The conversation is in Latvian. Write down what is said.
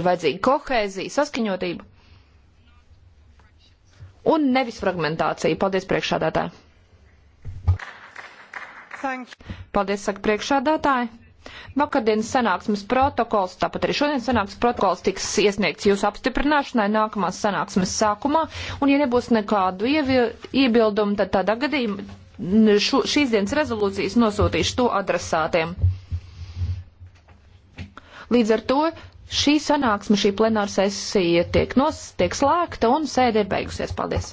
ir vajadzīga kohēzija, saskaņotība un nevis fragmentācija. Paldies priekšādātāji. Paldies, saka priekšādātāji. Vakardienas sanāksmes protokols, tāpat arī šodienas sanāksmes protokols tiks iesniegts jūsu apstiprināšanai nākamās sanāksmes sākumā, un ja nebūs nekādu iebildumu, tad tādā gadījumā šo, šīs dienas rezolūcijas nosūtīšu to adresātiem. Līdz ar to Šī sanāksme, šī plenāra sesija tiek, nos, tiek slēgta un sēde ir beigusies. Paldies!